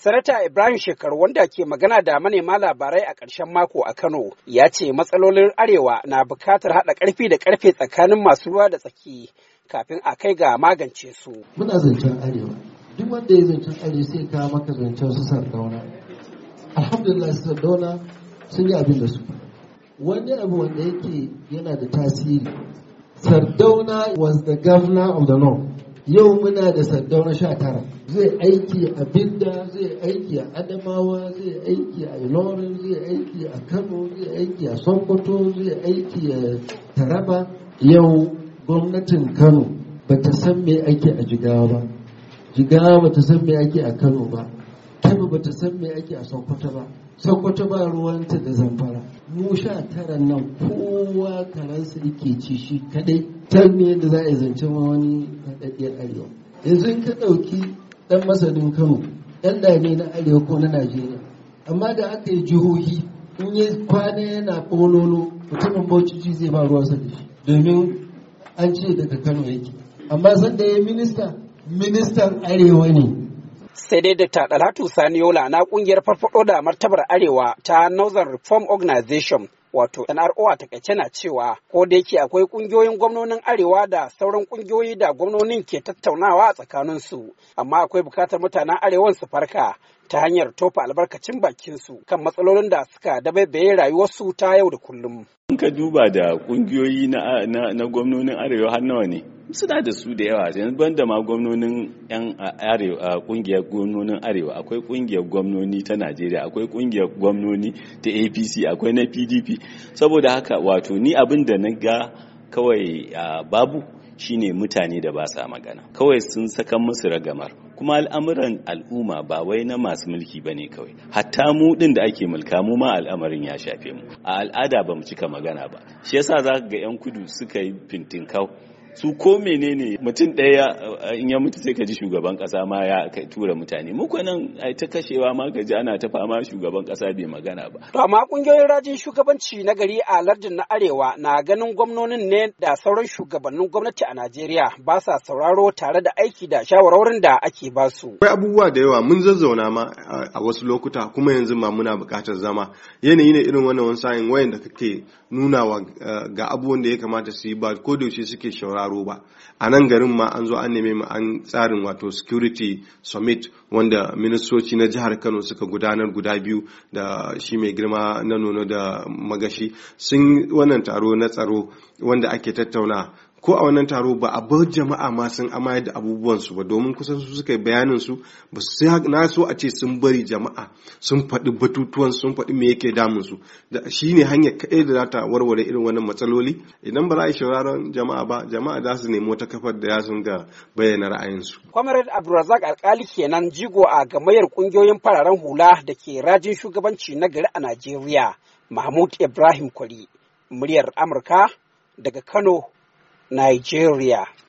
Sanata Ibrahim Shekaru wanda ke magana da manema labarai a ƙarshen mako a Kano ya ce matsalolin Arewa na buƙatar haɗa ƙarfi da ƙarfe tsakanin masu ruwa da tsaki kafin a kai ga magance su. Muna zancen Arewa. Duk wanda ya zancen Arewa sai ka maka zancen su Sardauna. Alhamdulillah su Sardauna sun yi abin da su. Wani abu wanda yake yana da tasiri. Sardauna was the governor of the north. yau muna da na sha tara zai aiki a binda zai aiki a adamawa zai aiki a ilorin zai aiki a kano zai aiki a sokoto zai aiki a taraba yau gwamnatin kano ba ta san me ake a jigawa ba jigawa ba ta san me ake a kano ba kano ba ta san me ake a sokoto ba sokoto ba ruwanta da zamfara mu sha tara nan kowa karansa yake ci shi kadai can ne yadda za a zance ma wani haɗaɗɗiyar arewa yanzu in ka ɗauki ɗan masanin kano ɗan dame na arewa ko na najeriya amma da aka yi jihohi in yi kwana yana ƙololo mutumin bauchi zai ba ruwansa da shi domin an ce daga kano yake amma sanda ya minista ministan arewa ne sai dai Dr. Dalatu Saniola na kungiyar farfado da martabar Arewa ta Northern Reform Organization wato NRO a takaice na cewa ko da yake akwai kungiyoyin gwamnonin arewa da sauran kungiyoyi da gwamnonin ke tattaunawa a tsakanin su amma akwai bukatar mutanen arewan su farka ta hanyar tofa albarkacin bakin su kan matsalolin da suka dabaibaye rayuwarsu ta yau da kullum. In ka duba da kungiyoyi na gwamnonin arewa har nawa ne? suna da su da yawa yanzu banda ma gwamnonin yan arewa kungiyar gwamnonin arewa akwai kungiyar gwamnoni ta Najeriya akwai kungiyar gwamnoni ta APC akwai na PDP saboda haka wato ni abin da na ga kawai babu shine mutane da ba sa magana kawai sun saka musu ragamar kuma al'amuran al'umma ba wai na masu mulki bane kawai hatta mu din da ake mulka mu ma al'amarin ya shafe mu a al'ada bamu cika magana ba shi yasa za ga 'yan kudu suka yi fintinkau su ko menene mutum ɗaya eh, in ya mutu sai ka ji shugaban kasa ma ya tura mutane muku nan ai ta kashewa ma ka ji ana ta fama shugaban kasa bai magana ba to amma kungiyoyin rajin shugabanci na gari a lardin na arewa na ganin gwamnonin ne da sauran shugabannin gwamnati a Najeriya ba sa sauraro tare da aiki da shawarorin da ake ba su akwai abubuwa da yawa mun zazzauna ma a wasu lokuta kuma yanzu ma muna buƙatar zama yanayi ne irin wannan wani sa'in wayan kake nunawa eh, ga abubuwan da ya kamata su yi ba ko da suke shawara karo ba a nan garin ma an zo an neme ma an tsarin wato security summit wanda ministoci na jihar kano suka gudanar guda biyu da shi mai girma na nono da magashi sun wannan taro na tsaro wanda ake tattauna ko a wannan taro ba a bar jama'a ma sun amayar da abubuwansu ba domin kusan su suka yi bayanin su ba su na so a ce sun bari jama'a sun faɗi batutuwan sun faɗi me yake damun su da shine ne hanyar kaɗai da za ta warware irin wannan matsaloli idan ba za a yi jama'a ba jama'a za su nemi wata kafar da ya sun ga bayyana ra'ayinsu. Comrade Abdulrazak alkali kenan jigo a gamayyar kungiyoyin fararen hula da ke rajin shugabanci na gari a Najeriya Mahmud Ibrahim Kwari muryar Amurka daga Kano Nigeria